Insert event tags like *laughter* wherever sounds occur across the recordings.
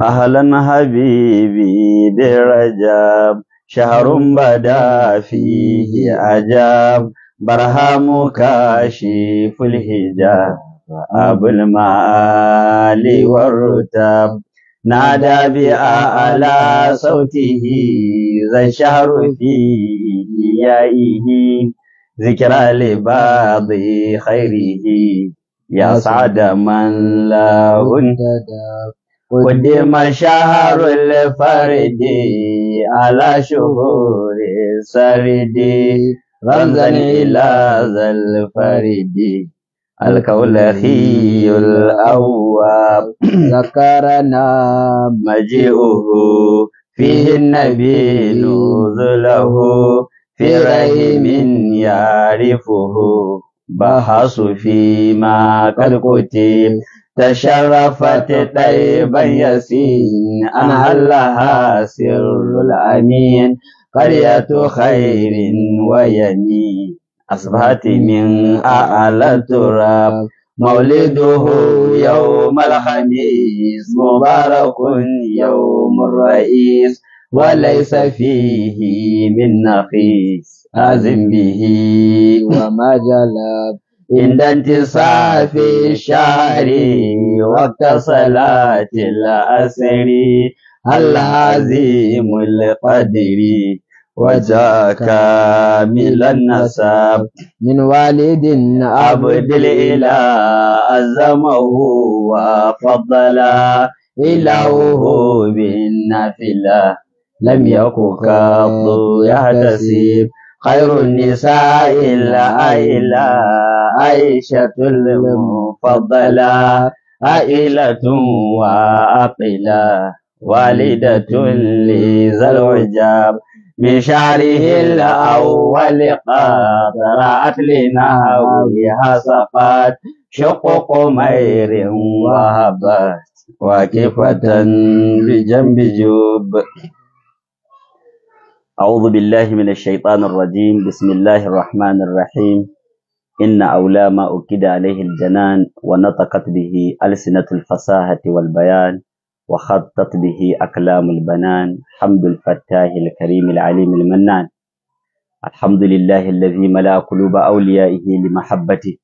Ahlan habibi daraja, rajab shahrun bada fihi ajab barhamu kashiful hijab abul mali warutab nada bi ala sautihi za shahru fihi yaihi ذكرى لبعض خيره يا سعد من له انتداب قدم شهر الفرد على شهور السرد رمزا إلى ذا الفرد الكولخي الأواب ذكرنا مجيئه فيه النبي نزله في رحم يعرفه بحث فيما قد قتل تشرفت طيبا يسين أنا لها سر الأمين قرية خير ويمين أصبحت من أعلى التراب مولده يوم الخميس مبارك يوم الرئيس وليس فيه من نقيس أزم به وما جلب عند انتصاف الشهر وقت صلاة العصر العظيم القدر وجاك من النسب من والد عبد الإله أزمه وفضل إله بالنافلة لم يكن قط يحتسب خير النساء إلا إلا عائشة المفضلة عائلة وأطلة والدة لذا العجاب من شعره الأول قد رأت لنا وها شق قمير وهبت واقفة بجنب جوب أعوذ بالله من الشيطان الرجيم بسم الله الرحمن الرحيم إن أولى ما أكد عليه الجنان ونطقت به ألسنة الفصاحة والبيان وخطت به أكلام البنان حمد الفتاح الكريم العليم المنان الحمد لله الذي ملا قلوب أوليائه لمحبته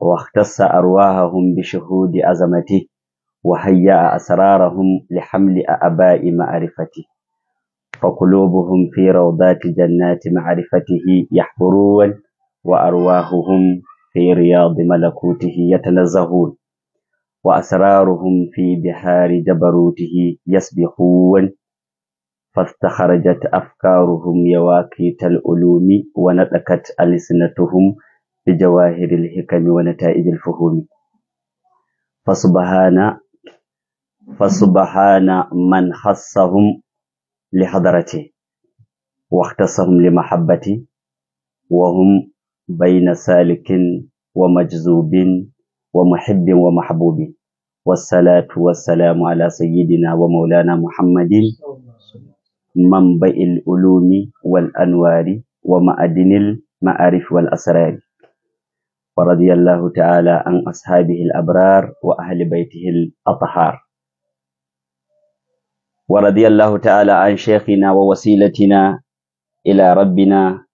واختص أرواحهم بشهود أزمته وهيأ أسرارهم لحمل أباء معرفته فقلوبهم في روضات جنات معرفته يحفرون وأرواحهم في رياض ملكوته يتنزهون وأسرارهم في بحار جبروته يسبحون فاستخرجت أفكارهم يواقيت العلوم ونطقت ألسنتهم بجواهر الحكم ونتائج الفهوم فسبحان فسبحان من خصهم لحضرتي واختصهم لمحبتي وهم بين سالك ومجذوب ومحب ومحبوب والصلاة والسلام على سيدنا ومولانا محمد منبئ العلوم والأنوار ومعدن المعارف والأسرار ورضي الله تعالى عن أصحابه الأبرار وأهل بيته الأطهار ورضي الله تعالى عن شيخنا ووسيلتنا إلى ربنا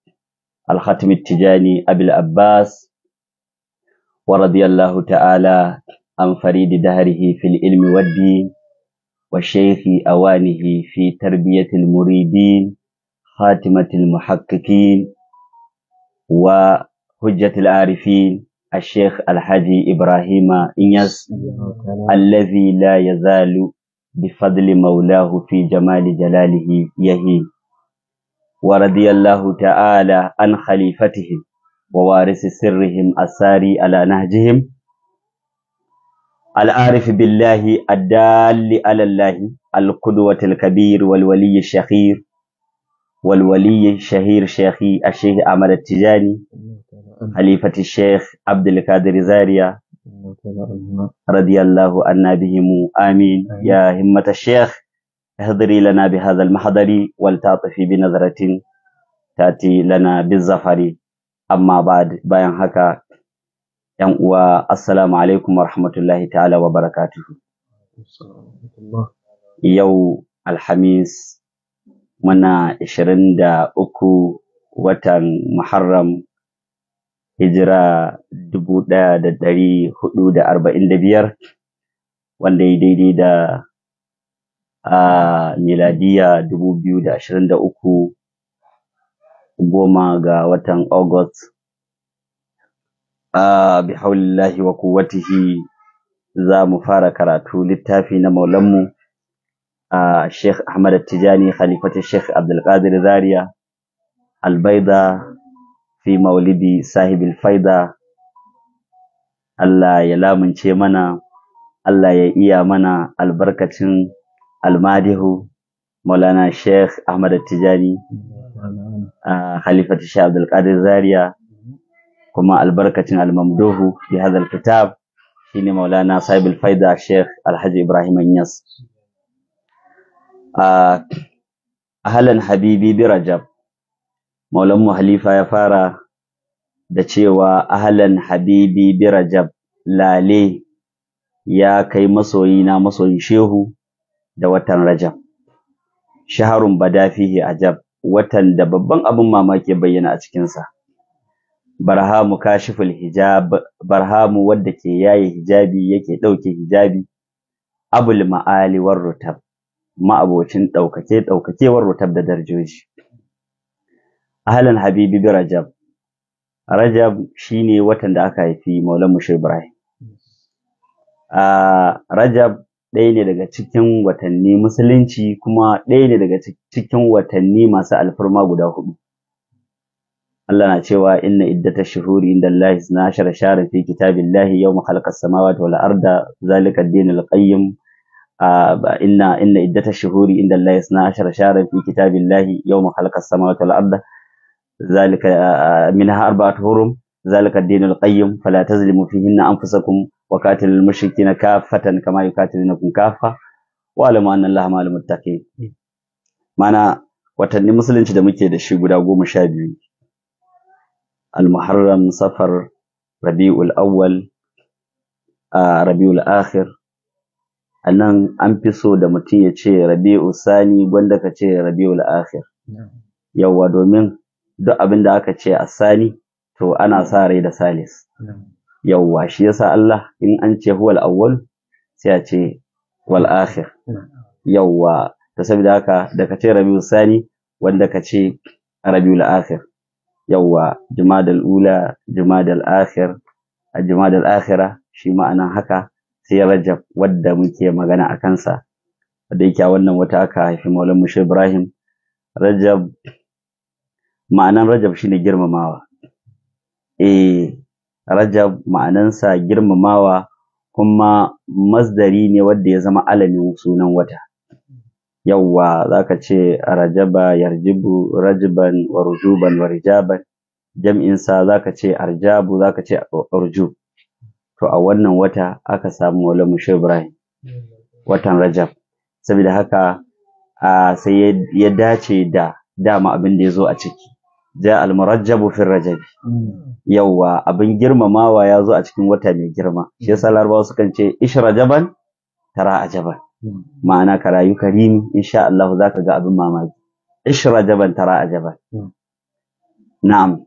الختم التجاني أبي العباس ورضي الله تعالى عن فريد دهره في العلم والدين وشيخ أوانه في تربية المريدين خاتمة المحققين وحجة العارفين الشيخ الحاجي إبراهيم إنيس الذي لا يزال بفضل مولاه في جمال جلاله يهي ورضي الله تعالى عن خليفتهم ووارث سرهم الساري على نهجهم العارف بالله الدال على الله القدوة الكبير والولي الشخير والولي الشهير شيخي الشيخ أحمد التجاني خليفة الشيخ عبد القادر زاريا radiyallahu Allahu anna bihimu amin ya himmata shek. ihdiri lana bi hadhal mahdari wal ta'tifi bi nazratin tati lana bi zafari amma ba'd bayan haka yan uwa assalamu alaikum warahmatullahi ta'ala wa barakatuhu yau alhamis muna da uku watan muharram hijira dubu ɗaya da ɗari hudu da arba'in da biyar wanda ya daidai da a miladiya dubu biyu da ashirin da uku goma ga watan August a bihaulillahi wa kuwatihi za mu fara karatu littafi na maulanmu a Sheikh Ahmad Tijani Khalifatu Sheikh Abdulkadir Zaria Albaida fi maulidi sahibin faida Allah ya lamunce mana Allah ya iya mana albarkacin almadihu maulana sheikh ahmad tijani a khalifat Abdul Qadir zaria kuma albarkacin almamduhu bi hadha alkitab shine maulana sahibul faida sheikh alhaji ibrahim anyas ahlan habibi bi rajab Maulanmu Halifa ya fara da cewa ahalan habibi bi Rajab lale ya kai masoyina masoyin shehu da watan Rajab. Shaharun badafihi ajab watan da babban abin mamaki bayyana a cikinsa. Barhamu kashiful hijab barhamu wadda ke yaye hijabi yake ɗauke hijabi abul ma'ali war rutab ma'abocin ɗaukake ɗaukakewar rutab da darjoji. ahlan habibi bi rajab rajab shine watan da aka haifi maulan mushe ibrahim a rajab ɗaya ne daga cikin watanni musulunci kuma ɗaya ne daga cikin watanni masu alfarma guda hudu Allah na cewa inna iddata shuhuri inda Allah na shara share fi kitabillahi yau khalaqas samawati wal arda zalika ad-dinul qayyim inna inna iddata shuhuri inda Allah na shara share fi kitabillahi yawma khalaqas samawati wal arda ذلك منها أربعة حرم ذلك الدين القيم فلا تظلموا فيهن أنفسكم وقاتل المشركين كافة كما يقاتلونكم كافة واعلموا أن الله مع المتقين معنى watanni musulunci da muke da shi guda goma sha biyu almuharram safar rabi'ul awwal rabi'ul akhir a nan an fi so da mutum ya ce rabi'u sani gwanda ka ce rabi'ul akhir yawa domin duk abin da aka ce a Sani, to ana sa rai da salis yawwa shi yasa Allah in an ce huwal awwal sai a ce wal akhir yawwa ta saboda haka da ka ce rabiul sani wanda ka ce rabiul akhir yawwa jumadal ula jumadal akhir jumadal akhira shi ma'anan haka sai rajab wadda muke magana a kansa da yake wannan wata aka haifi maulan mushi ibrahim rajab ma'anan rajab shine girmamawa eh rajab ma'anansa girmamawa kuma masdari ne wanda ya zama alamin sunan wata yawwa zaka ce rajaba yarjibu rajban wa rujuban wa rijaban jam'in sa zaka ce arjabu zaka ce urjub to a wannan wata aka samu wala mushe ibrahim watan rajab saboda haka sai ya dace da dama abin da ya zo a ciki ja almurajjabu fil rajabi yawwa abin girmamawa ya zo a cikin wata mai girma shi yasa larabawa sukan ce ishrajaban tara ajaban ma'ana ka rayu karimi insha Allah zaka ga abin mamaki ishrajaban tara ajaban na'am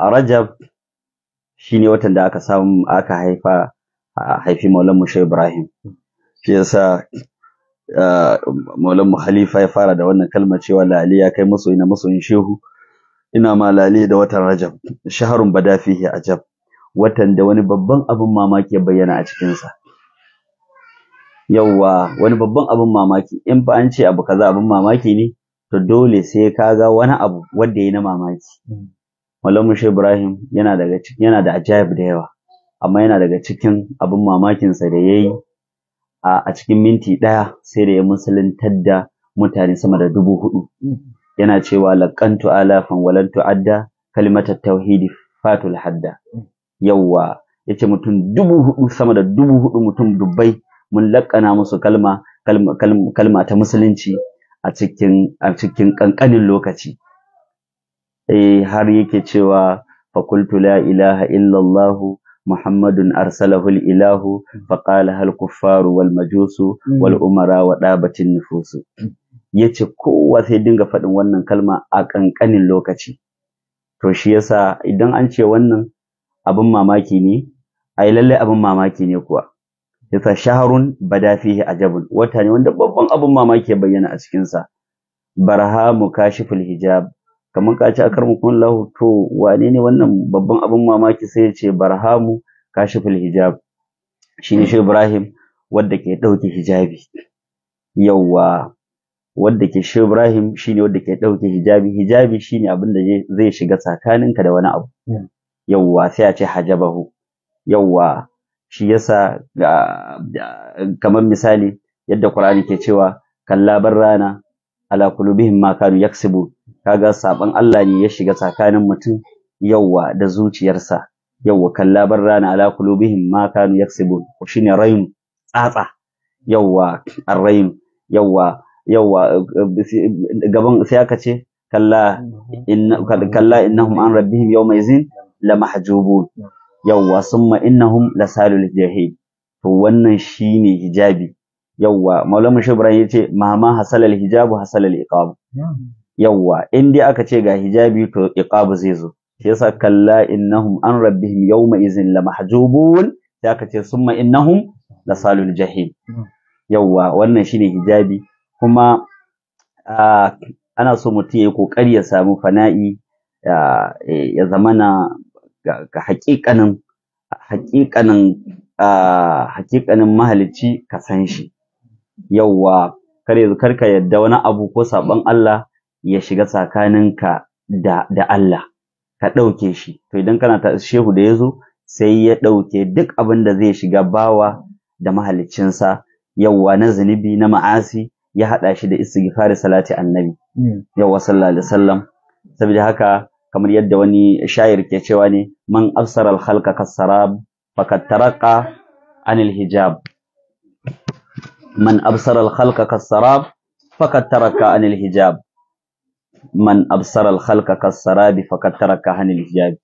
a rajab shine watan da aka samu aka haifa haifi maulan mushe ibrahim shi yasa Maulan Halifa ya fara da wannan kalma cewa lali ya kai masoyi na masoyin shehu ina ma lali da watan Rajab shaharun bada fihi ajab watan da wani babban abin mamaki ya bayyana a cikin sa yawwa wani babban abin mamaki in ba an ce abu kaza abin mamaki ne to dole sai ka ga wani abu wanda ya na mamaki Malamu Shehu Ibrahim yana daga yana da ajaib da yawa amma yana daga cikin abin mamakin sa da yayi a cikin minti ɗaya sai da ya musuluntar da mutane sama da dubu hudu yana cewa laƙantu alafan walan tu'adda kalimatar tauhidi fatul hadda yawwa yace mutum dubu hudu sama da dubu hudu mutum dubbai mun laƙana musu kalma ta musulunci a cikin ƙanƙanin lokaci eh har yake cewa fakultu la ilaha illallahu محمد أرسله الإله فقالها الكفار والمجوس والأمراء nufusu Ya ce kowa sai dinga faɗin wannan kalma a ƙanƙanin lokaci to shi yasa idan an ce wannan abin mamaki ne ai lallai abin mamaki ne kuwa yasa shaharun bada fihi jabin. wata ne wanda babban abin mamaki ya bayyana a cikin sa barhamu kashiful hijab kamar ka ci akar mukun lahu to wane ne wannan babban abin mamaki sai ya ce barhamu kashiful hijab shine shi Ibrahim wadda ke ɗauke hijabi yawwa wadda ke shi Ibrahim wadda ke ɗauke hijabi hijabi shine abin da zai shiga tsakaninka da wani abu hmm. yawwa sai a ce hajabahu yawwa shi yasa kamar misali yadda Qur'ani ke cewa kalla rana ala qulubihim ma kanu yaksubu kaga saban Allah ne ya shiga tsakanin mutum yawwa da zuciyarsa yawwa kallabar rana ala kulubihim ma kanu yaksibun shine rayin tsatsa yawwa arrayin yawwa yawwa gaban sai aka ce kalla inna kalla innahum an rabbihim la mahjubun yawwa summa innahum lasalul jahim to wannan shine hijabi yawwa maulana shibran yace ma ma hasalal hijabu hasalal iqab hmm. yawwa in dai aka ce ga hijabi to iqabu zai zo shi yasa kalla innahum an rabbihim yawma izin la mahjubun sai aka ce summa innahum la salul jahim yawwa wannan shine hijabi kuma ana so mutum ya kokari ya samu fana'i e, ya zamana ga hakikanin hakikanin hakikanin mahalicci ka san shi yawwa kare ka yadda wani abu ko sabon Allah ya shiga tsakaninka da da Allah ka ɗauke shi to idan kana ta shehu da ya zo sai ya ɗauke duk abin da zai shiga bawa da mahaliccinsa yawwa na zunubi na ma'asi ya haɗa shi da istighfari salati annabi hmm. yawwa sallallahu alaihi wasallam saboda haka kamar yadda wani shayir ke cewa ne man absara al-khalqa kasarab faqad taraqa anil hijab man absara al-khalqa kasarab faqad taraka anil hijab man absara al-khalqa kasarabi faqad taraka hanil hijab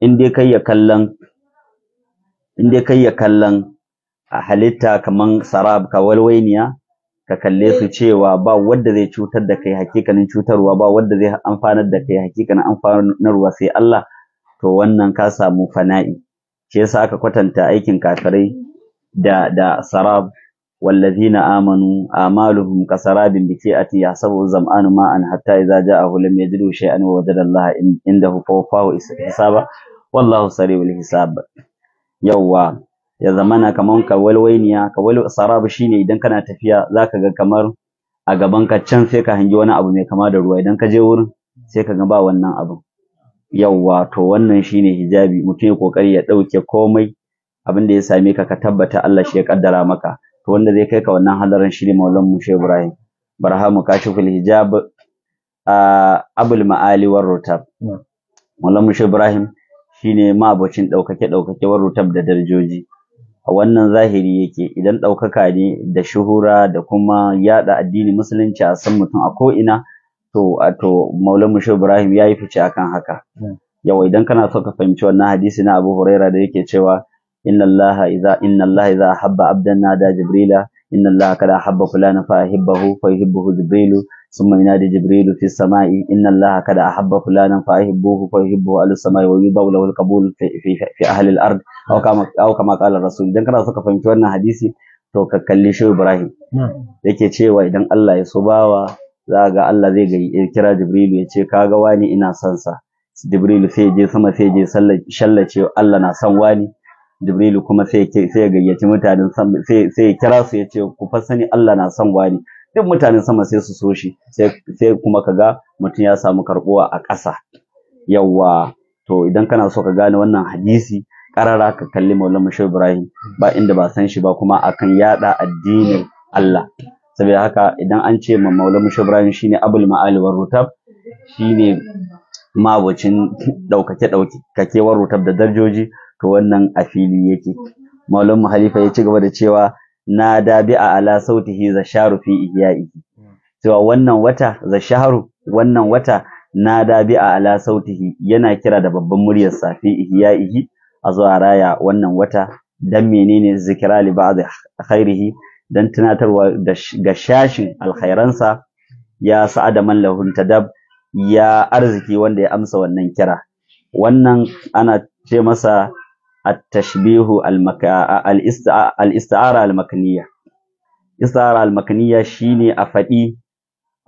in dai kai ya kallan in dai kai ya kallan a halitta kaman sarab ka walwainiya ka kalle su cewa ba wanda zai cutar da kai hakikanin cutarwa ba wanda zai amfanar da kai hakikanin amfanarwa sai Allah to wannan ka samu fana'i shi yasa aka kwatanta aikin kafirai da da sarab والذين آمنوا أعمالهم كسراب بشيئة يحسبه الظمآن ماء حتى إذا a لم يجده شيئا ووجد الله عنده فوفاه حسابا والله سريع الحساب يوا ya zamana kaman ka walwainiya ka wal sarab shine idan kana tafiya zaka ga kamar a gaban ka can sai ka hangi wani abu mai kama da ruwa idan ka je wurin sai ka ga ba wannan abin yawwa to wannan shine hijabi mutum ya kokari ya ɗauke komai abin da ya same ka ka tabbata Allah shi ya kaddara maka to wanda zai kai ka wannan hadarin shi ne maulan mu shehu ibrahim barhamu kashiful hijab abul ma'ali war rutab maulan mu shehu ibrahim shine mabocin daukake daukake war rutab da darjoji a wannan zahiri yake idan ɗaukaka ne da shuhura da kuma yada addini musulunci a san mutum a ko'ina to to maulan shehu ibrahim ya yi fice akan haka hmm. yawa idan kana so ka fahimci wannan hadisi na abu huraira da yake cewa إن الله إذا إن الله إذا أحب عبدا نادى جبريل إن الله قد أحب فلانا فأحبه فيحبه جبريل ثم ينادي جبريل في السماء إن الله قد أحب فلانا فأحبه فيحبه أهل السماء ويوضع له القبول في, في, في أهل الأرض أو كما أو كما قال الرسول إذا كنا suka fahimci wannan hadisi to ka kalli shi Ibrahim yake cewa idan Allah ya so bawa za ga Allah zai ga kira Jibrilu ya ce kaga wani ina son sa Jibrilu jibrilu kuma sai ya gayyaci mutanen sama sai ya kira su ya ce ku fa Allah na son wani duk mutanen sama sai su so shi sai kuma kaga mutum ya samu karbuwa a ƙasa yawa to idan kana so ka gane wannan hadisi karara ka kalli Maulana Shehu Ibrahim ba inda ba san shi ba kuma akan yada addinin Allah saboda haka idan an ce ma Maulana Shehu Ibrahim shine Abul Ma'al war Rutab shine mawacin ɗaukake kakewar rutab da darjoji to wannan a fili yake maulana halifa ya ci gaba da cewa na dabi'a ala sautihi za sharu fi ihya'ihi cewa wannan wata za sharu wannan wata na dabi'a ala sautihi yana kira da babban muryar safi fi a zuwa raya wannan wata dan menene zikira li ba'd khairihi dan tunatarwa ga shashin alkhairansa ya sa'ada man lahun tadab ya arziki wanda ya amsa wannan kira wannan ana ce masa التشبيه al-isti'ara al-makniyya isti'ara al-makniyya shine a faɗi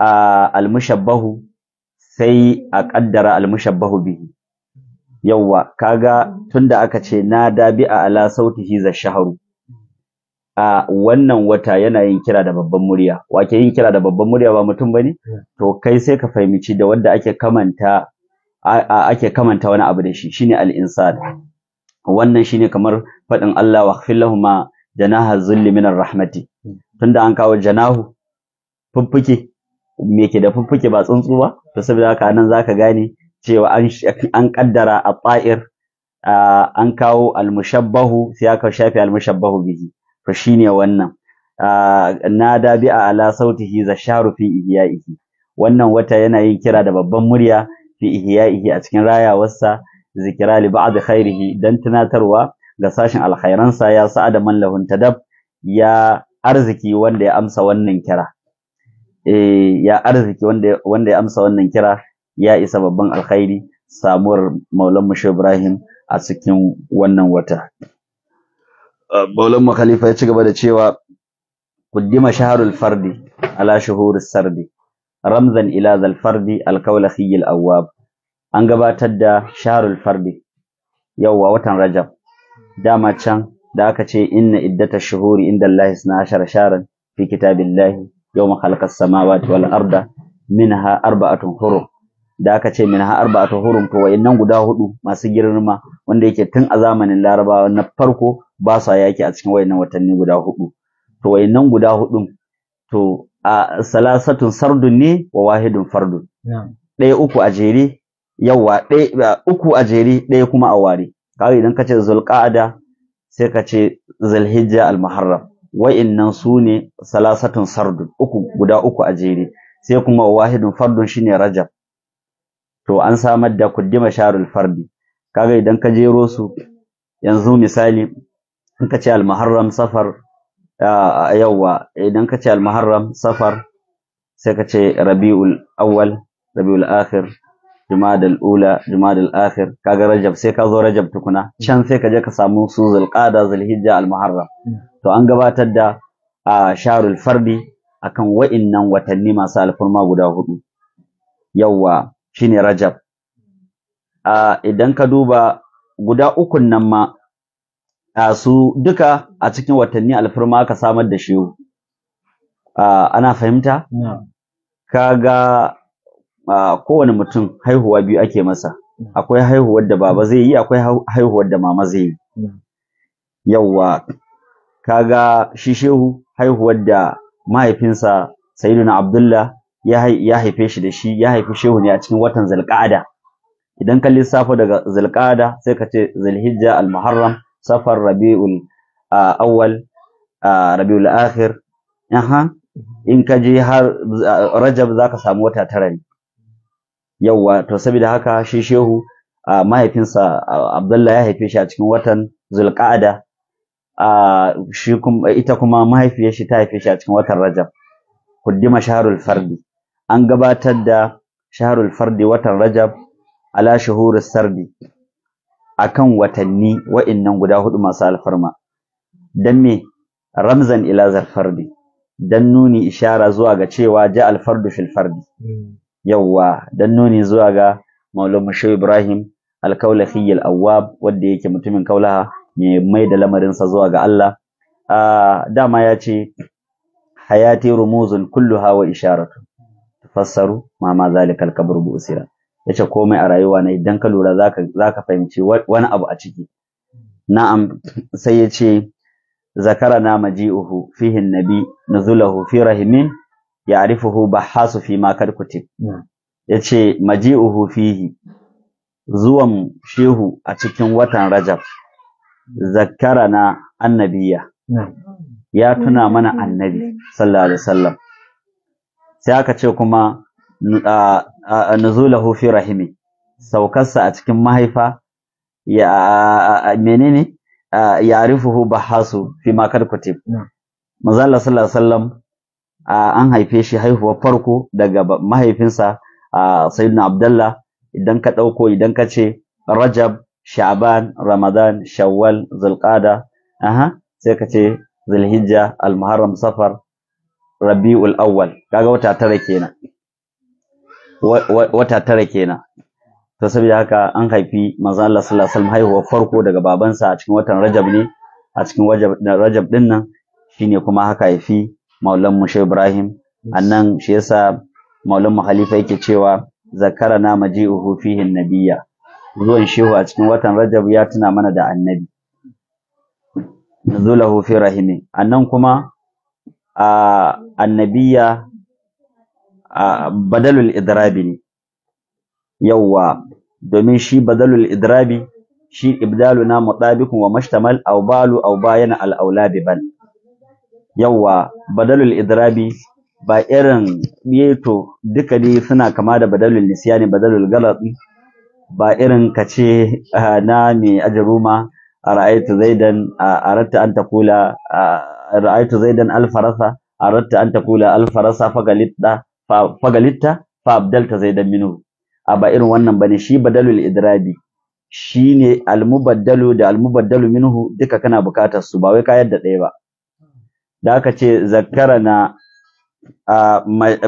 al-mushabbahu sai a ƙaddara al-mushabbahu bihi yawwa kaga tunda aka ce na dabi'a ala shaharu a wannan wata yana yin kira da babban murya wake yin kira da babban murya ba mutum bane to kai sai ka fahimci da wanda ake kamanta ake kamanta wani abu da shi shine al-insan wannan shine kamar faɗin Allah wa lahuma janaha zulli minar rahmati tunda an kawo janahu fuffuke me ke da fuffuke ba tsuntsu ba to saboda haka nan zaka gane cewa an an kaddara a tsa'ir. an kawo almushabbahu sai aka shafi almushabbahu biji to shine wannan na dabi'a ala sautihi sharu fi ihya'ihi wannan wata yana yin kira da babban murya fi ihya'ihi a cikin rayawarsa zikira li ba'd khairihi dan tunatarwa ga sashin alkhairansa ya sa man lahun tadab ya arziki wanda ya amsa wannan kira eh ya arziki wanda wanda ya amsa wannan kira ya isa babban alkhairi samuwar maulan mushe ibrahim a cikin wannan wata eh, maulan khalifa ya ci gaba da cewa قدم شهر fardi ala شهور sardi Ramzan إلى fardi الفرد الكولخي awwab an gabatar da sharul fardi a watan rajab dama can da aka ce inna iddata shuhuri inda Allah suna ashara sharan fi kitabillahi yawma khalaqas samawati wal arda minha arba'atun hurum da aka ce minha arba'atun hurum to wayannan guda hudu masu girma wanda yake tun a zamanin Larabawa na farko ba sa yaki a cikin wayannan watanni guda hudu to wayannan guda hudu to a salasatun sardun ne wa wahidun fardun ɗaya uku a jere yawa uku a jere ɗaya kuma a ware kawai idan ka ce zulqa'ada sai ka ce zulhijja al-muharram wa'innan su ne salasatun sardun uku guda uku a jere sai kuma wahidun fardun shine rajab to an samar da kuddima sharul fardi kaga idan ka jero su yanzu misali in ka ce al-muharram safar yawa idan ka ce al-muharram safar sai ka ce rabiul awwal rabiul akhir jumada ula jumada al-akhir kaga rajab sai ka zo rajab tukuna can sai ka je ka samu su zulqada zulhijja al-muharram to an gabatar da a sharul fardi akan wa'innan watanni masu alfurma guda hudu yawa shine rajab a idan ka duba guda ukun nan ma a su duka a cikin watanni alfurma ka samar da shi ana fahimta kaga kowane mutum haihuwa biyu ake masa mm. akwai haihuwar da baba zai yi akwai haihuwar da mama zai yi mm. yawwa kaga shi shehu haihuwar da mahaifinsa na abdullah ya haife shi da shi ya haifi shehu ne a cikin watan zulqa'ada idan ka lissafa daga zulqa'ada sai ka ce zulhijja almuharram safar rabiul awwal rabiul akhir mm. in ka je har rajab zaka samu wata tara ne yauwa to saboda haka shi shehu uh, mahaifinsa uh, abdullahi ya haife shi a cikin watan zulqa'ada uh, shi kuma ita kuma mahaifiyar shi ta haife shi a cikin watan rajab kuddima shaharul fardi an gabatar da shaharul fardi watan rajab ala shuhurus sardi akan watanni wa'innan guda hudu masu alfarma dan me ramzan ila zarfardi dan nuni ishara zuwa ga cewa ja alfardu fil fardi hmm. yawwa dan nuni zuwa ga Maulana Shehu Ibrahim al fiye awwab wanda yake mutumin Kaulaha mai mai da lamarinsa zuwa ga Allah a dama ya hayati rumuzun kullu wa isharatu tafassaru ma ma zalika al bu usira yace komai a rayuwa na idan ka lura zaka zaka fahimci wani abu a ciki na'am sai yace zakara na maji'uhu fihi nabi nuzulahu fi rahimin ya arifuhu bahasu fi ma karkuti hmm. ya ce maji'uhu fihi zuwan shehu a cikin watan rajab zakkara na annabiya hmm. ya tuna mana annabi sallallahu alaihi wasallam sai aka ce kuma nuzulahu fi rahimi saukarsa a cikin mahaifa ya menene ya arifuhu bahasu fi ma karkuti hmm. manzo Allah sallallahu alaihi wasallam an haife shi haihuwar farko daga mahaifinsa a sayyidina abdalla idan ka ɗauko idan ka ce rajab Sha'aban, ramadan shawwal zulqada aha sai ka ce zulhijja almuharram safar rabi'ul awwal kaga wata tara kenan wata tara kenan to saboda haka an haifi manzo Allah sallallahu alaihi haihuwar farko daga babansa a cikin watan rajab ne a cikin rajab din nan shine kuma haka haifi maulan mu shehu ibrahim annan shi yasa maulan mu halifa yake cewa zakara na uhu fihin nabiyya zuwan shehu a cikin watan rajab ya tuna mana da annabi nuzulahu fi rahimi annan kuma a annabiya badalul idrabi ne yawwa domin shi badalul idrabi shi ibdalu na mutabikun wa mashtamal au balu au bayana al aulabi bal yawwa badalul idrabi ba irin to duka ne suna kama da badalul nisyani badalul galati ba irin kace na mai ajruma ara'aytu zaidan aratta an taqula zaidan alfarasa aratta an alfarasa fagalitta fa abdalta zaidan minu a ba irin wannan bane shi badalul idrabi shine almubaddalu da almubaddalu minhu duka kana bukatar su ba wai ka yadda ɗaya ba da aka ce zakara na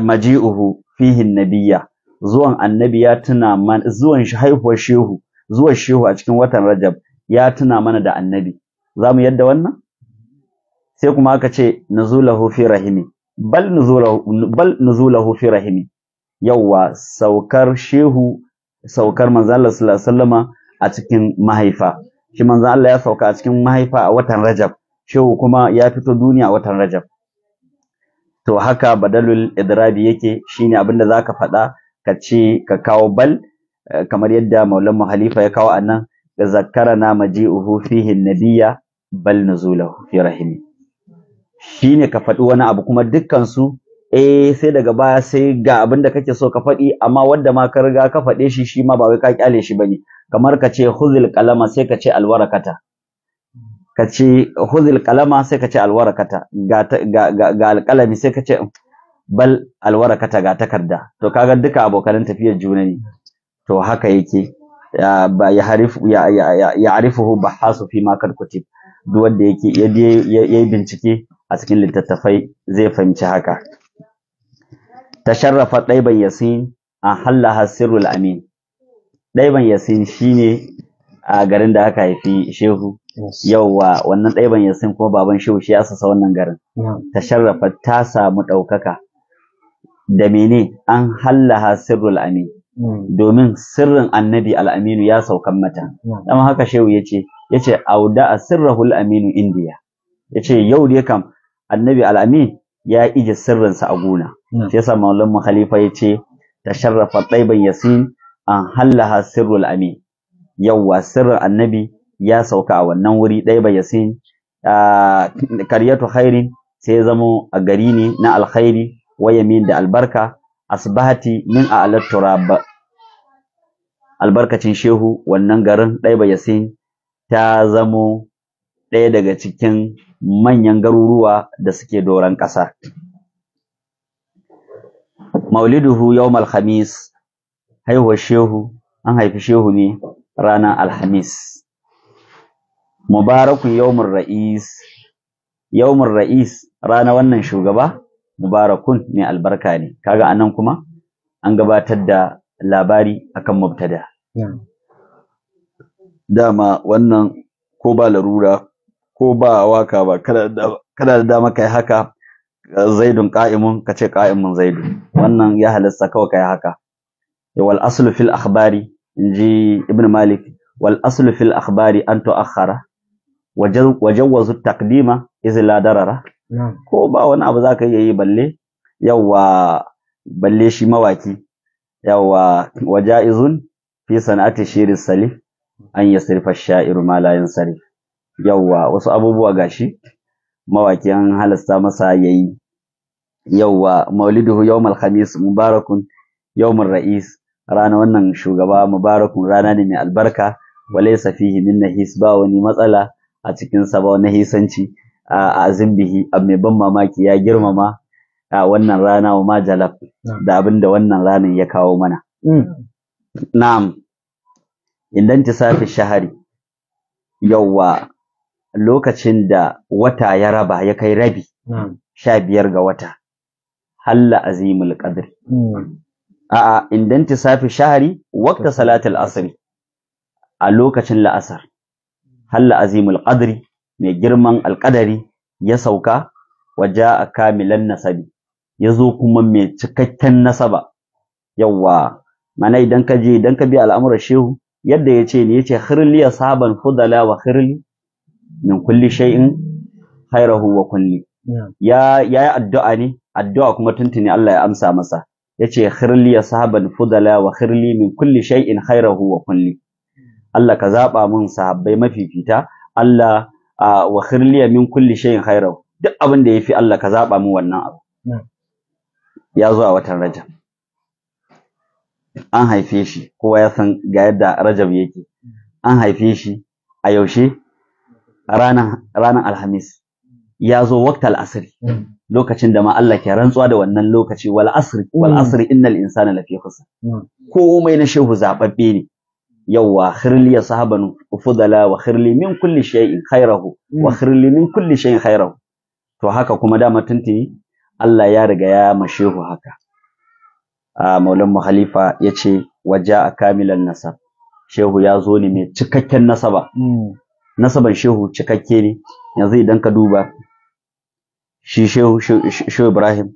maji'uhu fihin nabiya zuwan annabi ya tuna mana zuwan haihuwar shehu zuwan shehu a cikin watan rajab ya tuna mana da annabi za mu yadda wannan sai kuma aka ce nuzulahu fi rahimi bal nuzulahu bal fi rahimi yawwa saukar shehu saukar Manzala Allah sallallahu alaihi a cikin mahaifa shi Manzala ya sauka a cikin mahaifa a watan rajab shehu kuma ya fito duniya a watan rajab to haka badalul idrabi yake shine abinda zaka faɗa ka ce ka kawo bal eh, kamar yadda maulan mu halifa ya kawo annan ga zakkara na maji'uhu fihi nabiyya bal nuzulahu fi rahimi shine ka faɗi wani abu kuma dukkan su eh sai daga baya sai ga abin da kake so ka faɗi amma wanda ma ka riga ka faɗe shi shi ma ba wai ka kyale shi bane kamar ka ce khuzil qalama sai ka ce alwarakata ka ce huzil kalama sai ka ce alwarakata ga ga alkalami sai ka ce bal alwarakata ga takarda to kaga duka abokan tafiyar juna ne to haka yake ya harifu ya arifuhu bahasu fi ma kad duk wanda yake ya bincike a cikin littattafai zai fahimci haka tasharrafa ɗaiban yasin an halla hasirul amin ɗaiban yasin shine a garin da aka haifi shehu yauwa wannan ɗaya ban yasin kuma baban shehu shi ya asasa wannan garin ta sharrafa ta samu ɗaukaka da mene an hallaha sirrul amin mm. domin sirrin annabi al'aminu ya saukan mata ɗan haka shehu ya ce ya ce auda a sirrahul aminu indiya ya ce yau dai kam annabi al'amin ya ije sirrinsa a gona shi yasa maulan mu khalifa ya ce ta sharrafa ɗaiban yasin an hallaha sirrul amin yawwa sirrin annabi ya sauka a wannan wuri ɗaya ba sin karyatu khairin sai zamo a gari ne na alkhairi wayamin da albarka asbahati min a albarkacin shehu wannan garin ɗaya ba sin ta zamo ɗaya daga cikin manyan garuruwa da suke doron ƙasa mauliduhu yawmal khamis haihuwar shehu an haifi shehu ne ranar alhamis mubaraku yawmur ra'is yawmur ra'is rana wannan shugaba mubarakun ne albarka ne kaga anan kuma an gabatar da labari akan mubtada dama wannan ko ba larura ko ba waka ba kada da dama kai haka zaidun qa'imun kace qa'imun zaidu wannan ya halasta kawai kai haka wal aslu fil akhbari inji ibn malik wal aslu fil akhbari an tu'akhkhara wajawwazu taqdima iz la darara ko ba wani abu zaka iya yi balle yawa balle shi mawaki yawa wajaizun fi sanati shiri salif an yasrifa sha'iru ma la yansarif yawa wasu abubuwa gashi mawaki an halasta masa yayi yawa mauliduhu yawmal khamis mubarakun yawmul ra'is rana wannan shugaba mubarakun rana ne mai albarka walaysa fihi min nahis ba wani matsala a cikin sa ba wani hisanci a azimbihi mai ban mamaki ya girmama a wannan rana wa ma jalab da abinda wannan ranar ya kawo mana mm. na'am idan tisafi shahari yawwa lokacin da wata ya raba ya kai rabi sha biyar ga wata halla azimul qadr mm. a'a ta safi shahari waqta salatul asr a lokacin la'asar hal azimul qadri mai girman alqadari ya sauka waja kamilan nasabi yazo kuma mai cikakken nasaba yawa mana idan ka je idan ka bi al'amuran shehu yadda yace ne yace khirli saban fudala wa khirli min kulli shay'in khairahu wa kulli ya yayi addu'a ne addu'a kuma tuntuni Allah ya amsa masa yace khirli sahaban fudala wa khirli min kulli shay'in khairahu wa kulli Allah ka zaba mun sahabbai mafifita Allah wa khirli min kulli shay'in khairahu duk abin da yafi Allah ka zaba mu wannan abu hmm. ya zo a watan Rajab an haife shi kowa ya san ga yadda Rajab yake an haife shi a yaushe ranar alhamis ya zo waktal asiri hmm. lokacin da ma Allah ke rantsuwa da wannan lokaci wal asri wal asri hmm. innal insana lafi khusr hmm. komai na shehu zababbe ne yawa khirli ya sahaban fudala wa khirli min kulli shay'in khairahu wa hmm. khirli min kulli shay'in khairahu to haka kuma da matunti Allah ya riga ya ma shehu haka a maulan halifa ya ce waja a kamilan nasab shehu ya zo ne mai cikakken nasaba nasaban shehu cikakke ne yanzu idan ka duba shi shehu shehu ibrahim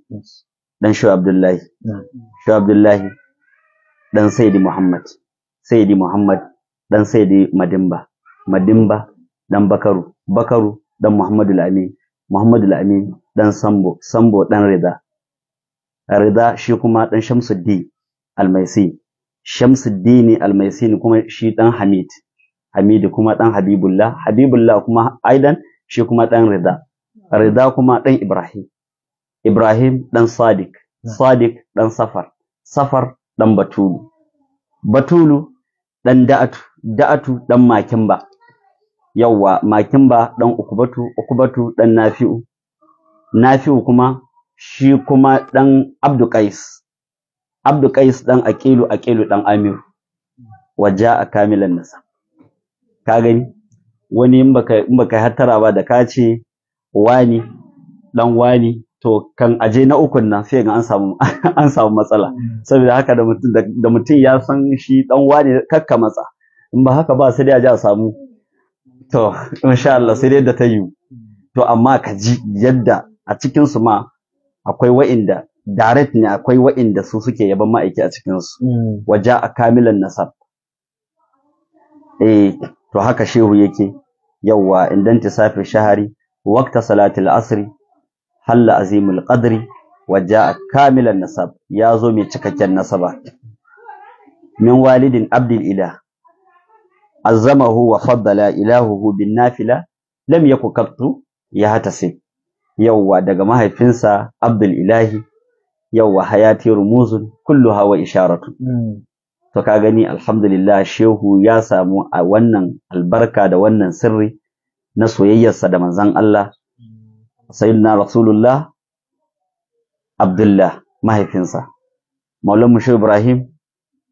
dan shehu abdullahi shehu abdullahi dan sayyidi muhammad sayyidi muhammad dan sayyidi madimba madimba dan bakaru bakaru dan muhammadu amin muhammadu amin dan sambo sambo dan rida rida shi kuma dan shamsuddin almaisi shamsuddin almaisi kuma shi dan hamid hamid kuma dan habibullah habibullah kuma aidan shi kuma dan rida rida kuma ɗan Ibrahim, Ibrahim ɗan Sadiq, Sadiq ɗan Safar, Safar ɗan Batulu, Batulu ɗan Da'atu, Da'atu ɗan Makimba, yawwa Makimba ɗan Ukubatu, Ukubatu ɗan Nafi'u, Nafi'u kuma shi kuma ɗan Abdukais, Abdukais ɗan Aqilu, Aqilu ɗan Amiru, waja a kamilan nasa. Ka gani? Wani in baka hattara ba da ka ce wani dan wani to kan aje na ukun nan sai ga an samu *laughs* an samu matsala saboda haka da mutum da mutum ya san shi dan wani kakka matsa in ba haka ba sai dai aje a samu to insha Allah sai dai da ta yi to amma ka ji yadda a cikin su ma akwai wa'inda direct ne akwai wa'inda su suke yaban ma'aiki a cikin su hmm. waje a kamilan nasab eh to haka shehu yake yawwa indan tisafi shahari وقت صلاة العصر حل عظيم القدر وجاء كامل النسب يا زومي تككن نسبا من والد عبد الإله عظمه وفضل إلهه بالنافلة لم يكن قط يهتسي يوا daga mahaifinsa Abdul Ilahi yawwa hayati rumuzun kulluha wa isharatu to ka gani alhamdulillah shehu ya samu a wannan albarka da wannan sirri na soyayyarsa da manzan Allah sayyidina rasulullah abdullah mahaifinsa maulan mushe ibrahim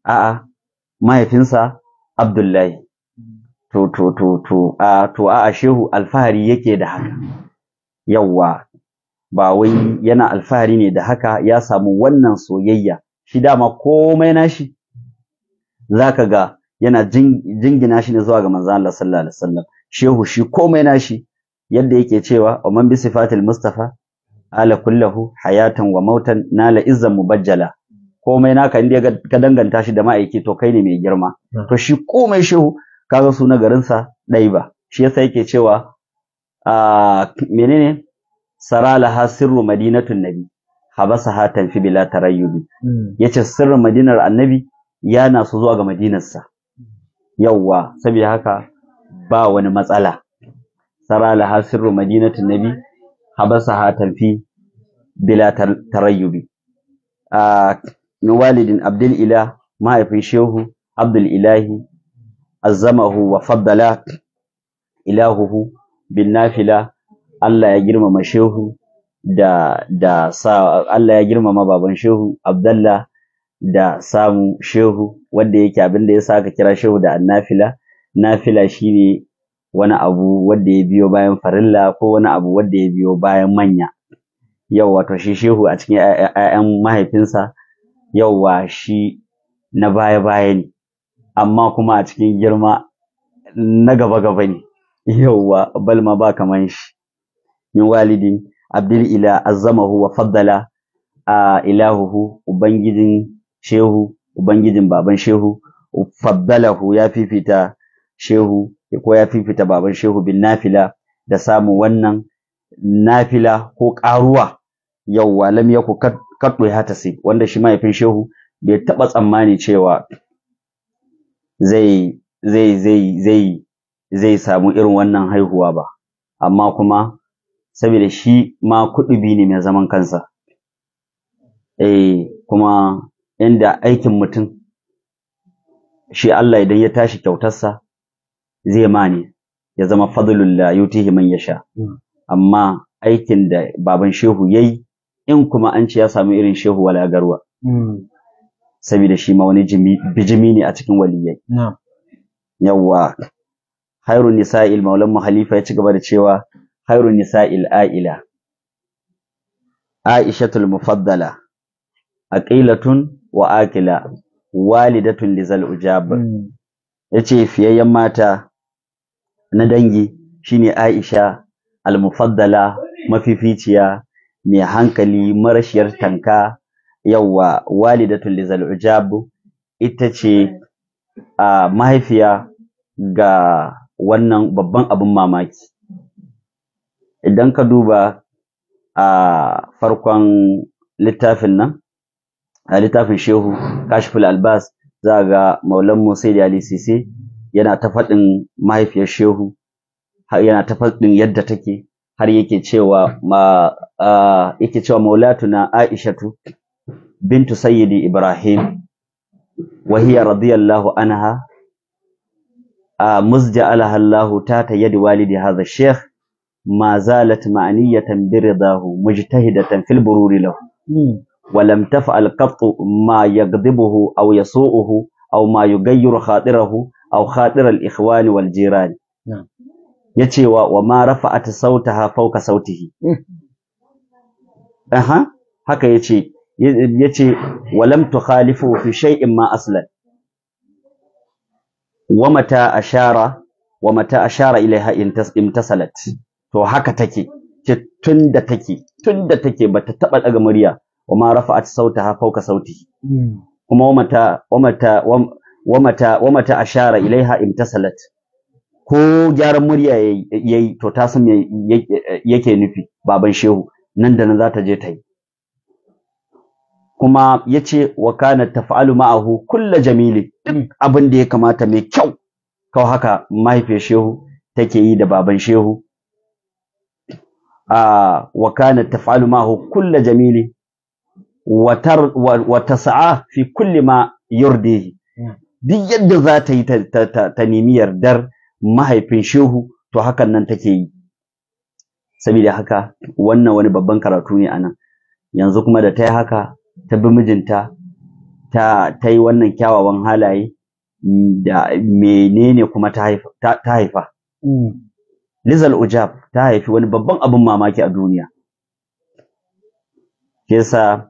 a'a mahaifinsa abdullahi to to to to a to a'a shehu alfahari yake da haka yawa, ba wai yana alfahari ne da haka ya samu wannan soyayya shi dama komai nashi zaka ga yana jingina shi ne zuwa ga manzon Allah sallallahu alaihi wasallam shehu shi komai nashi yadda yake cewa wa man bi sifatil mustafa ala kullahu hayatan wa mautan nala izzan mubajjala komai naka inda ka danganta shi da ma'aiki to kai ne mai girma hmm. to shi komai shehu kaga garin garinsa dai ba shi yasa yake cewa a menene sarala hasirru madinatun nabi habasa ha fi bila tarayyubi hmm. yace sirrin madinar annabi yana su zuwa ga madinarsa hmm. yawwa saboda haka ba wani matsala sara laha sirru madinatin nabi habasa ha tanfi bila tarayyubi a walidin abdul ila mahaifin shehu abdul ilahi azzamahu wa faddala ilahuhu bin nafila Allah ya girmama shehu da da sa Allah ya girmama baban shehu Abdallah da samu shehu wanda yake abin da yasa saka kira shehu da annafila nafila shine wani abu wanda ya biyo bayan farilla ko wani abu wanda ya biyo bayan manya yau to shi shehu a cikin 'ya'yan mahaifinsa yauwa shi na baya-baya ne amma kuma a cikin girma na gaba-gaba ne yauwa ma ba kaman shi min walidin abdul ila azzamahu wa faddala a ilahuhu ubangijin shehu ubangijin baban shehu faddalahu ya fifita shehu ko ya fifita baban shehu bin nafila da samu wannan nafila ko ƙaruwa yau lam yaku kaddu ya tasi wanda shi mahaifin shehu bai taba tsammani cewa zai zai zai zai zai samu irin wannan haihuwa ba amma kuma saboda shi ma bi ne mai zaman kansa eh kuma inda aikin mutum shi Allah idan ya tashi kyautarsa zai ma ne ya zama fadlul la yutihi man yasha hmm. amma aikin da baban shehu yayi in kuma an ce ya samu irin shehu wala garwa hmm. saboda shi ma wani bijimi ne a cikin waliyyai. yawwa khairun nisa'il maulan mu ya ci gaba da cewa khairun nisa'il a'ila aishatul mufaddala aqilatun wa akila walidatun lizal ujab hmm. yace fiyayyen mata na dangi shine Aisha almufaddala mafificiya mai hankali marashiyar tanka yawwa walidatul lizal ujab ita ce a mahaifiya ga wannan babban abin mamaki idan ka duba a farkon littafin nan a littafin shehu kashful albas za ga maulan musaidi ali sisi yana ta faɗin mahaifiyar shehu yana ta faɗin yadda take har yake cewa ma yake cewa maulatuna aishatu bintu sayyidi ibrahim wa hiya radiyallahu anha a uh, muzja'alaha ta ta walidi hadha sheikh ma zalat ma'niyatan bi ridahu mujtahidatan fil bururi lahu mm. wa lam taf'al qat ma yaghdibuhu aw yasu'uhu aw ma yughayyiru khatirahu aw khatir al ikhwani wal ya ce wa wa ma rafa'at sautaha fawka sautihi aha haka yace yace walam tukhalifu fi shay'in ma aslan wa mata ashara wa mata ashara ilaiha imtasalat to haka take ce tunda take bata taɓa ɗaga murya wa ma wamata wamata ashara ilaiha imtasalat ko gyaran murya yayi to ta san yake nufi baban shehu nan da nan za ta je ta yi kuma yace wa kana taf'alu ma'ahu kullu jamili abin da ya kamata mai kyau ka haka mahaifiyar shehu take yi da baban shehu a wa kana taf'alu ma'ahu kullu jamili wa tas'a fi kulli ma yurdihi duk yadda za ta yi ta nemi yardar mahaifin shehu to hakan nan take yi saboda haka wannan wani babban karatu ne anan yanzu kuma da ta yi haka ta bi mijinta ta ta yi wannan kyawawan halaye da menene kuma ta haifa ta haifa mm. Lizal Ujab ta haifi wani babban abin mamaki a duniya Kesa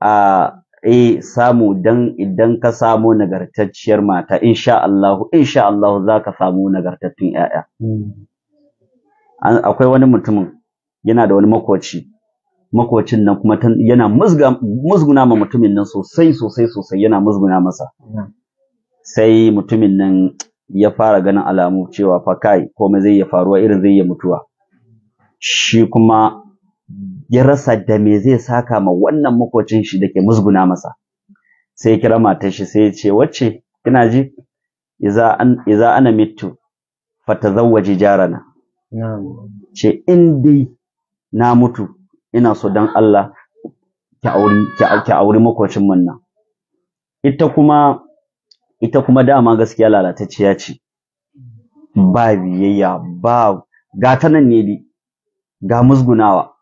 a eh samu dan idan ka samu nagartacciyar mata insha Allah insha Allah zaka samu nagartattun yaya. Hmm. akwai wani mutumin yana da wani makoci makocin nan kuma yana musguna ma mutumin nan sosai sosai sosai yana musguna masa hmm. sai mutumin nan ya fara ganin alamu cewa fa komai zai ya faruwa irin zai ya mutuwa shi kuma ya rasa da me zai saka ma wannan makocin shi dake ke musguna masa sai ya kira matar shi sai ya ce wacce kina ji iza an iza ana mitu fatazawwaji jarana ce in dai na mutu ina so dan Allah ki auri ki auri makocin mun nan ita kuma ita kuma dama gaskiya lalatacciya ce ba biyayya ba gata nan ne dai ga musgunawa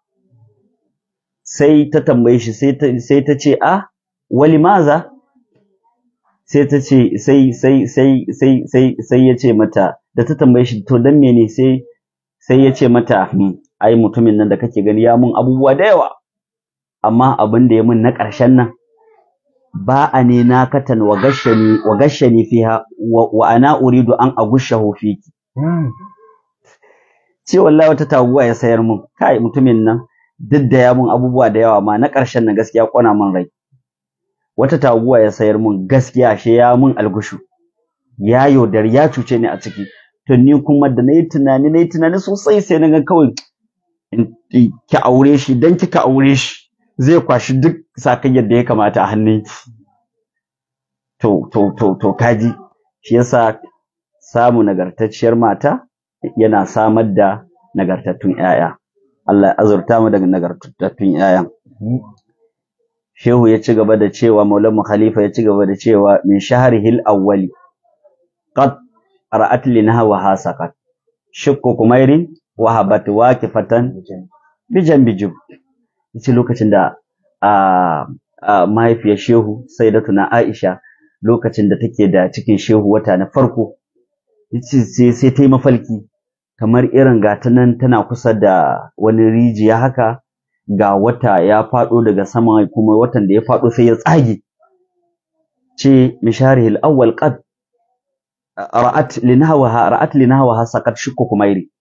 sai ta tambaye shi sai ta ce a ah, wali maza sai ta ce sai sai sai sai sai sai ya ce mata da ta tambaye shi to dan mene sai sai ya ce mata hmm, ai mutumin nan da kake gani ya mun abubuwa da yawa amma abin da ya mun na ƙarshen nan ba a ne na katan wa gashani wa gashani fiha wa ana uridu an agushahu fiki ce hmm. wallahi wata taguwa ya sayar mun kai mutumin nan duk da ya mun abubuwa da yawa ma na ƙarshen na gaskiya kwana mun rai wata taguwa ya sayar mun gaskiya shi ya mun algushu ya yaudar ya cuce ni a ciki to ni kuma da nayi tunani nayi tunani sosai sai na ga kawai ki aure shi dan kika aure shi zai kwashi duk sakayyar da ya kamata a hannunki to to to to kaji shi yasa samu nagartacciyar mata yana samar da nagartattun 'ya'ya Allah ya azurta mu daga nagartattun yayan hmm. shehu ya ci gaba da cewa Maulana khalifa ya ci gaba da cewa min shaharihil awwali qad ra'at linha wa hasaqat shukku kumairi wa habat waqifatan bijan bijub yace lokacin da mahaifiyar shehu Sayyidatu na aisha lokacin da take da cikin shehu wata na farko yace sai sai ta yi mafalki kamar irin gata nan tana kusa da wani rijiya haka ga wata ya faɗo daga sama kuma watan da ya faɗo sai ya tsage ce misharihil awwal qad ra'at linahwaha ra'at linahwaha sakat shukku kumairi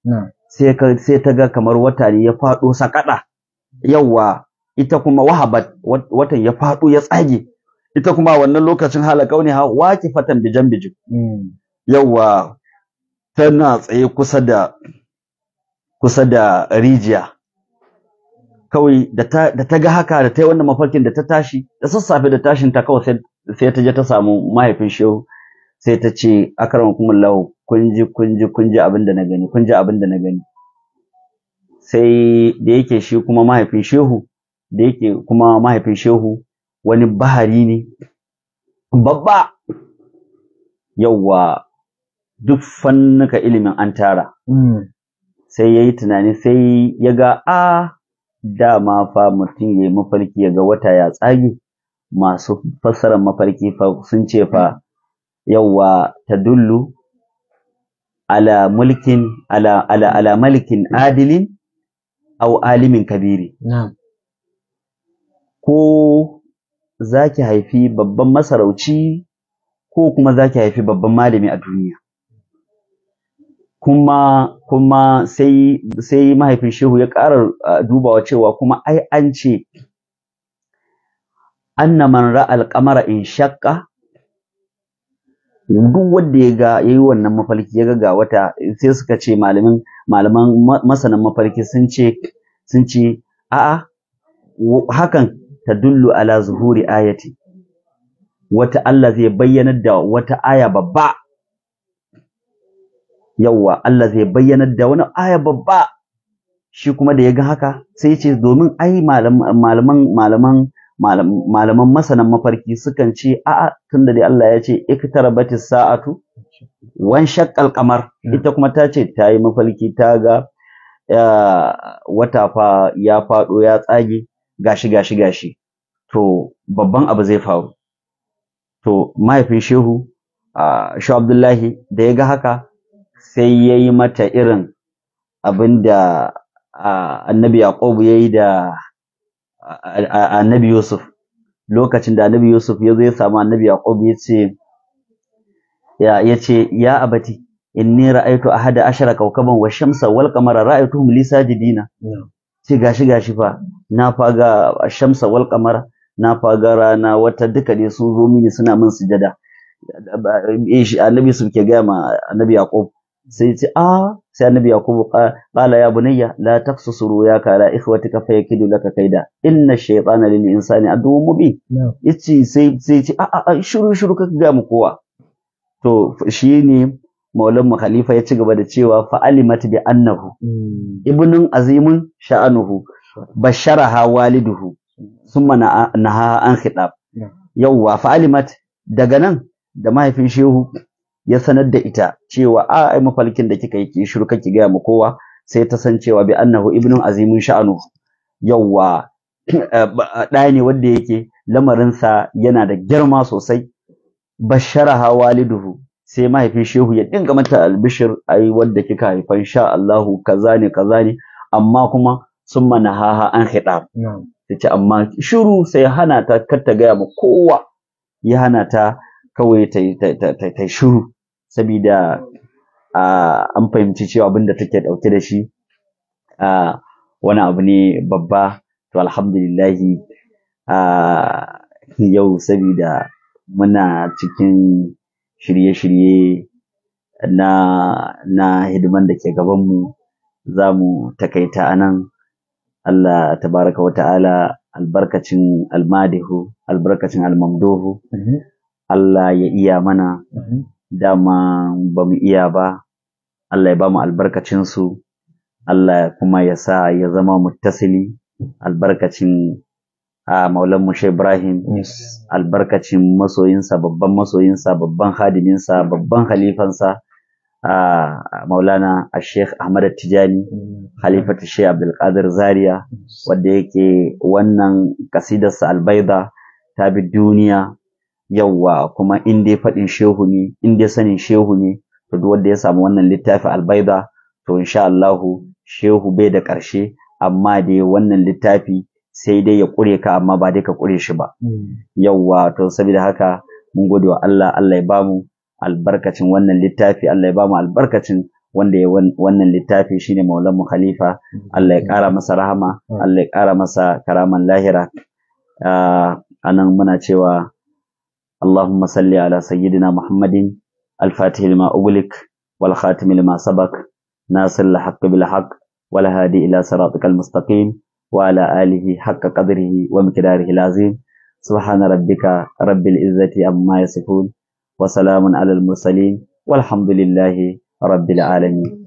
sai sai ta ga kamar wata ne ya faɗo sakada yawa ita kuma wahabat watan ya faɗo ya tsage ita kuma wannan lokacin halakau ne ha waqifatan bijan bijin mm. yawa tana tsaye kusa da kusa da rijiya kawai da ta ga haka da ta yi wannan mafarkin da ta tashi da sassafe da tashin ta kawai sai ta je ta samu mahaifin shehu sai ta ce kuma kumullahu kun ji kun ji kun ji abin da na gani kun ji abin da na gani sai da yake shi kuma mahaifin shehu da yake kuma mahaifin shehu wani bahari ne babba yawwa duk fannuka ilimin an tara hmm. sai ya yi tunani sai ya ga a dama fa mutum ya yi mafarki ya ga wata ya tsage masu fassarar mafarki fa sun ce fa yawwa ta dullu ala mulkin ala adilin au alimin kabiri ko za ki haifi babban masarauci ko kuma za ki haifi babban malami a duniya kuma kuma sai sai mahaifin shehu ya ƙara dubawa cewa kuma ai an ce anna man ra'al qamara in shaqqa duk wanda ya ga yayi wannan mafarki ya ga ga wata sai suka ce malamin malaman masanan mafarki sun ce sun ce a'a hakan tadullu ala zuhuri ayati wata Allah zai bayyanar da wata aya babba yawwa Allah zai bayyana da wani aya babba shi kuma da ya ga haka sai ce domin ai malaman malaman malaman masanan mafarki sukan ce a'a tunda dai Allah ya ce iktarabatis sa'atu wan shaqqal qamar hmm. ita kuma ta ce ta mafarki ta ga wata fa ya fado ya tsage gashi gashi gashi to babban abu zai faru to mahaifin shehu sha Abdullahi da ya ga haka sai ya yi mata irin abinda annabi Yaqub ya yi da annabi Yusuf lokacin da annabi Yusuf ya zo ya samu annabi Yaqub ya ce ya ce ya abati inni ra'aytu ahada ashara kawkaban wa shamsa wal qamara ra'aytuhum li sajidina ci gashi gashi fa na faga shamsa wal qamara na faga rana wata duka ne sun zo mini suna min sujada annabi Yusuf ke gaya ma annabi Yaqub sai ce a ah, sai annabi yakubu qala ya bunayya la taqsusu ka ala ikhwatika yakidu laka kaida inna shaytana lil insani aduwwun mubi yace sai sai ce a a shiru shiru ka ga mu kowa to shine maulan mu khalifa ya ci gaba da cewa fa alimat bi annahu hmm. ibnun azimun sha'anuhu basharaha waliduhu summa naha an khitab yawwa fa alimat daga nan da mahaifin shehu ya sanar da ita cewa a ai mafalkin da kika yi ki shiru kake gaya ma kowa sai ta san cewa bi annahu ibnun azimin sha'anu yawa da eh, ne wanda yake lamarin sa yana da girma sosai basharaha waliduhu sai mahaifin shehu ya dinga mata albishir ai wanda kika haifan sha Allahu kaza ne kaza ne amma kuma sun mana haha an hida ta amma shiru sai hana ta kar ta gaya ma kowa ya hana ta kawai ta ta shiru sabida an fahimci cewa abin da take ɗauke da shi wani abu ne babba to alhamdulillahi yau sabida muna cikin shirye-shirye na na hidiman da ke gabanmu za mu takaita a nan Allah tabaraka wa ta'ala albarkacin almadihu albarkacin almamdohu mhm. Allah ya iya mana dama ba mu iya ba Allah ya ba mu albarkacinsu Allah kuma ya sa ya zama muttasili albarkacin a maulan mushe ibrahim albarkacin masoyinsa babban masoyinsa babban hadiminsa babban halifansa a maulana a sheikh ahmad tijani halifatu sheikh abdulkadir zaria wadda yake wannan kasidarsa albaida ta bi duniya yawwa kuma in dai faɗin shehu ne in dai sanin shehu ne to duk wanda ya samu wannan littafi albaida to insha Allah shehu bai da ƙarshe amma dai wannan littafi sai dai ya ƙure ka amma ba dai ka ƙure shi ba hmm. yawwa to saboda haka mun gode wa Allah Allah ya bamu albarkacin wannan littafi Allah ya bamu albarkacin wanda ya wannan littafi shine Maulan Khalifa Allah ya ƙara masa rahama Allah ya ƙara masa karaman lahira a ah, nan muna cewa اللهم صل على سيدنا محمد الفاتح لما أغلق والخاتم لما سبق ناصر الحق بالحق والهادي إلى صراطك المستقيم وعلى آله حق قدره ومقداره العظيم سبحان ربك رب العزة عما يصفون وسلام على المرسلين والحمد لله رب العالمين